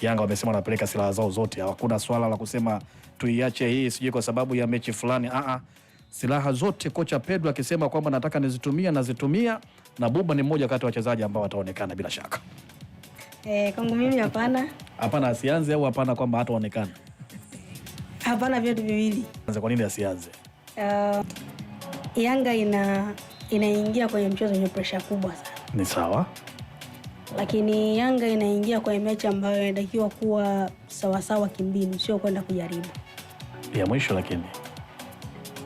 Yanga wamesema wanapeleka silaha zao zote, hakuna swala la kusema tuiache hii sijui kwa sababu ya mechi fulani. Aa, ah, ah. silaha zote kocha Pedro akisema kwamba nataka nizitumia nazitumia, na Buba ni mmoja kati ya wachezaji ambao wataonekana bila shaka. Eh, kwangu mimi hapana. Hapana asianze au hapana kwamba hataonekana? Hapana, vyote viwili. Kwa nini asianze? Uh, Yanga ina inaingia kwenye mchezo wenye presha kubwa sana. Ni sawa lakini Yanga inaingia kwenye mechi ambayo inatakiwa kuwa sawasawa kimbinu, sio kwenda kujaribu ya mwisho. Lakini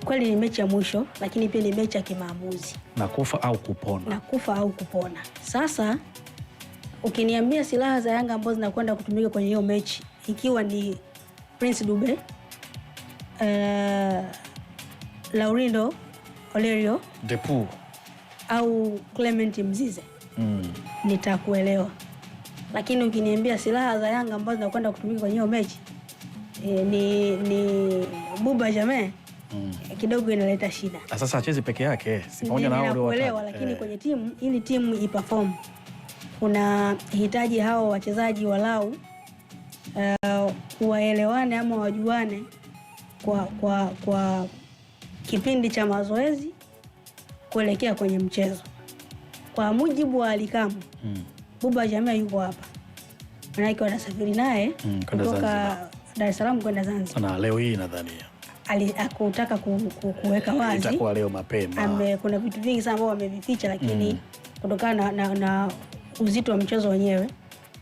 kweli ni mechi ya mwisho, lakini pia ni mechi ya kimaamuzi na kufa au kupona, na kufa au kupona. Sasa ukiniambia silaha za Yanga ambazo zinakwenda kutumika kwenye hiyo mechi ikiwa ni Prince Dube, uh, Laurindo Olerio Depu au Clement Mzize mm nitakuelewa, lakini ukiniambia silaha za Yanga ambazo zinakwenda kutumika kwenye hiyo mechi e, ni, ni buba jamee Mm. E, kidogo inaleta shida. Ah, sasa achezi peke yake eh, si pamoja na wale lakini eh, kwenye timu ili timu iperform kuna hitaji hao wachezaji walau uh, waelewane ama wajuane kwa, kwa, kwa kipindi cha mazoezi kuelekea kwenye mchezo. Kwa mujibu wa alikamu mm. Buba Jamia yuko hapa, manake wanasafiri naye mm, kutoka Dar es Salaam kwenda Zanzibar na leo hii nadhani akutaka kuweka wazi, itakuwa leo mapema. Ame, kuna vitu vingi sana ambavyo wamevificha, lakini mm. kutokana na, na, na uzito wa mchezo wenyewe,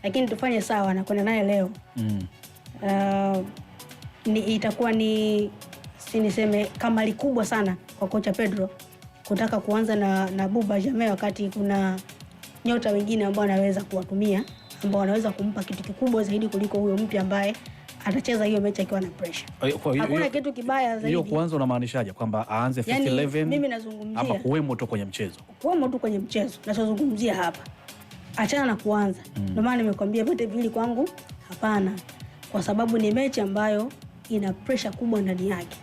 lakini tufanye sawa na kwenda naye leo mm. uh, ni, itakuwa ni siniseme kamari kubwa sana kwa kocha Pedro kutaka kuanza na, na Buba Jammeh wakati kuna nyota wengine ambao anaweza kuwatumia ambao anaweza kumpa kitu kikubwa zaidi kuliko huyo mpya ambaye atacheza hiyo mechi akiwa na pressure. Hakuna kitu kibaya zaidi. Hiyo kuanza unamaanishaje kwamba aanze 5 yani, 11? Mimi nazungumzia hapa kuwemo tu kwenye mchezo. Kuwemo tu kwenye mchezo. Nachozungumzia hapa. Achana na kuanza. Mm. Ndio maana nimekwambia vote vili kwangu hapana. Kwa sababu ni mechi ambayo ina pressure kubwa ndani yake.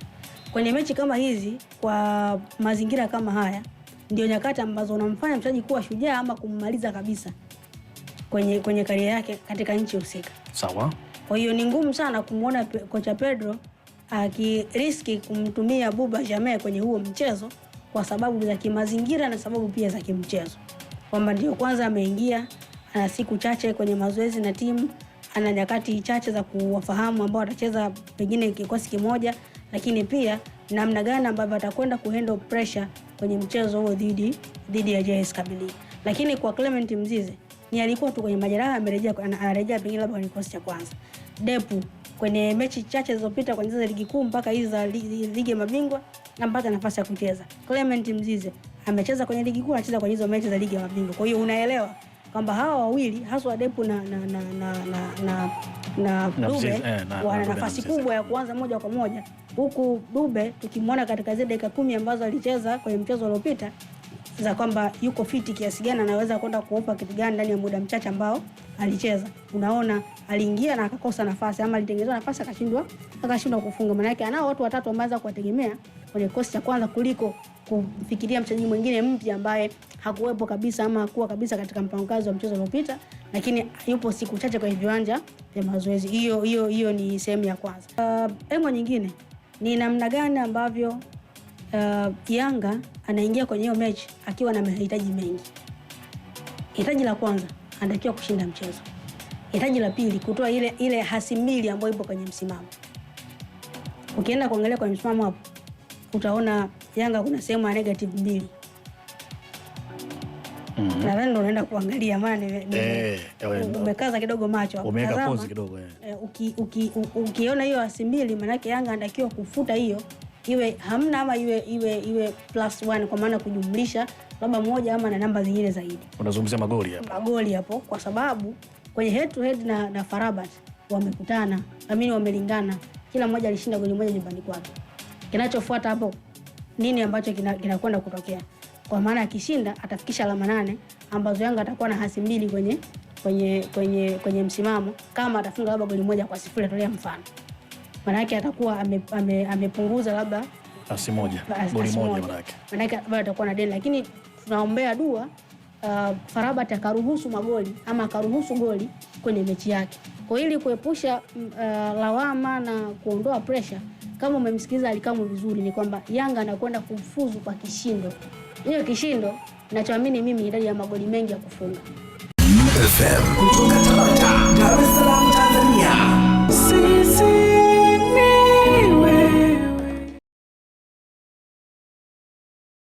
Kwenye mechi kama hizi, kwa mazingira kama haya, ndio nyakati ambazo unamfanya mchezaji kuwa shujaa ama kummaliza kabisa kwenye, kwenye karia yake katika nchi husika. Sawa. Kwa hiyo ni ngumu sana kumwona kocha Pedro akiriski kumtumia Buba Jammeh kwenye huo mchezo kwa sababu za kimazingira na sababu pia za kimchezo, kwamba ndio kwanza ameingia, ana siku chache kwenye mazoezi na timu, ana nyakati chache za kuwafahamu ambao watacheza pengine kikosi kimoja lakini pia namna gani ambavyo atakwenda kuhandle pressure kwenye mchezo huo dhidi dhidi ya JS Kabylie. Lakini kwa Clement Mzize ni alikuwa tu kwenye majeraha, amerejea anarejea pengine labda kwenye kikosi cha kwanza. Depu kwenye mechi chache zilizopita kuanzia ligi kuu mpaka hizi za ligi ya mabingwa ampata nafasi ya kucheza. Clement Mzize amecheza kwenye ligi kuu, anacheza kwenye hizo mechi za ligi ya mabingwa, kwa hiyo unaelewa kwamba hawa wawili haswa Depu na, na, na, na, na, na eh, Dube na, wana nafasi kubwa ya kuanza moja kwa moja, huku Dube tukimwona katika zile dakika kumi ambazo alicheza kwenye mchezo uliopita za kwamba yuko fiti kiasi gani, anaweza kwenda kuopa kitu gani ndani ya muda mchache ambao alicheza. Unaona, aliingia na akakosa nafasi ama alitengenezwa nafasi akashindwa akashindwa kufunga. Maana yake anao watu watatu ambao kuwategemea kwenye kikosi cha kwanza kuliko kufikiria mchezaji mwingine mpya ambaye hakuwepo kabisa ama hakuwa kabisa katika mpango kazi wa mchezo uliopita, lakini yupo siku chache kwenye viwanja vya mazoezi. Hiyo hiyo hiyo ni sehemu ya kwanza. Uh, engo nyingine ni namna gani ambavyo uh, Yanga anaingia kwenye hiyo mechi akiwa na mahitaji mengi. Hitaji la kwanza anatakiwa kushinda mchezo. Hitaji la pili kutoa ile ile hasimili ambayo ipo kwenye msimamo. Ukienda kuangalia kwenye msimamo hapo utaona Yanga kuna sehemu ya negative mbili. Mm -hmm. Nadhani ndo unaenda kuangalia maana eh, umekaza kidogo macho umeweka pause kidogo eh. eh uki, uki, ukiona hiyo asi mbili, maanake Yanga anatakiwa kufuta hiyo iwe hamna ama iwe iwe iwe plus one, kwa maana kujumlisha labda moja ama na namba zingine zaidi. Unazungumzia magoli hapo, magoli hapo, kwa sababu kwenye head to head na, na Farabat wamekutana, amini wamelingana, kila mmoja alishinda goli moja nyumbani kwake kinachofuata hapo nini ambacho kinakwenda kina kutokea, kwa maana akishinda atafikisha alama nane ambazo Yanga atakuwa na hasi mbili kwenye, kwenye, kwenye, kwenye msimamo kama atafunga labda goli moja kwa sifuri atolea mfano, maana yake atakuwa amepunguza ame, ame labda hasi moja goli moja, maana yake maana yake atakuwa na deni, lakini tunaombea dua uh, Farabat akaruhusu magoli ama akaruhusu goli kwenye mechi yake kwa ili kuepusha uh, lawama na kuondoa pressure kama umemsikiliza Alikamwe vizuri, ni kwamba Yanga anakwenda kumfuzu kwa kishindo. Hiyo kishindo nachoamini mimi idadi ya magoli mengi ya kufunga. FM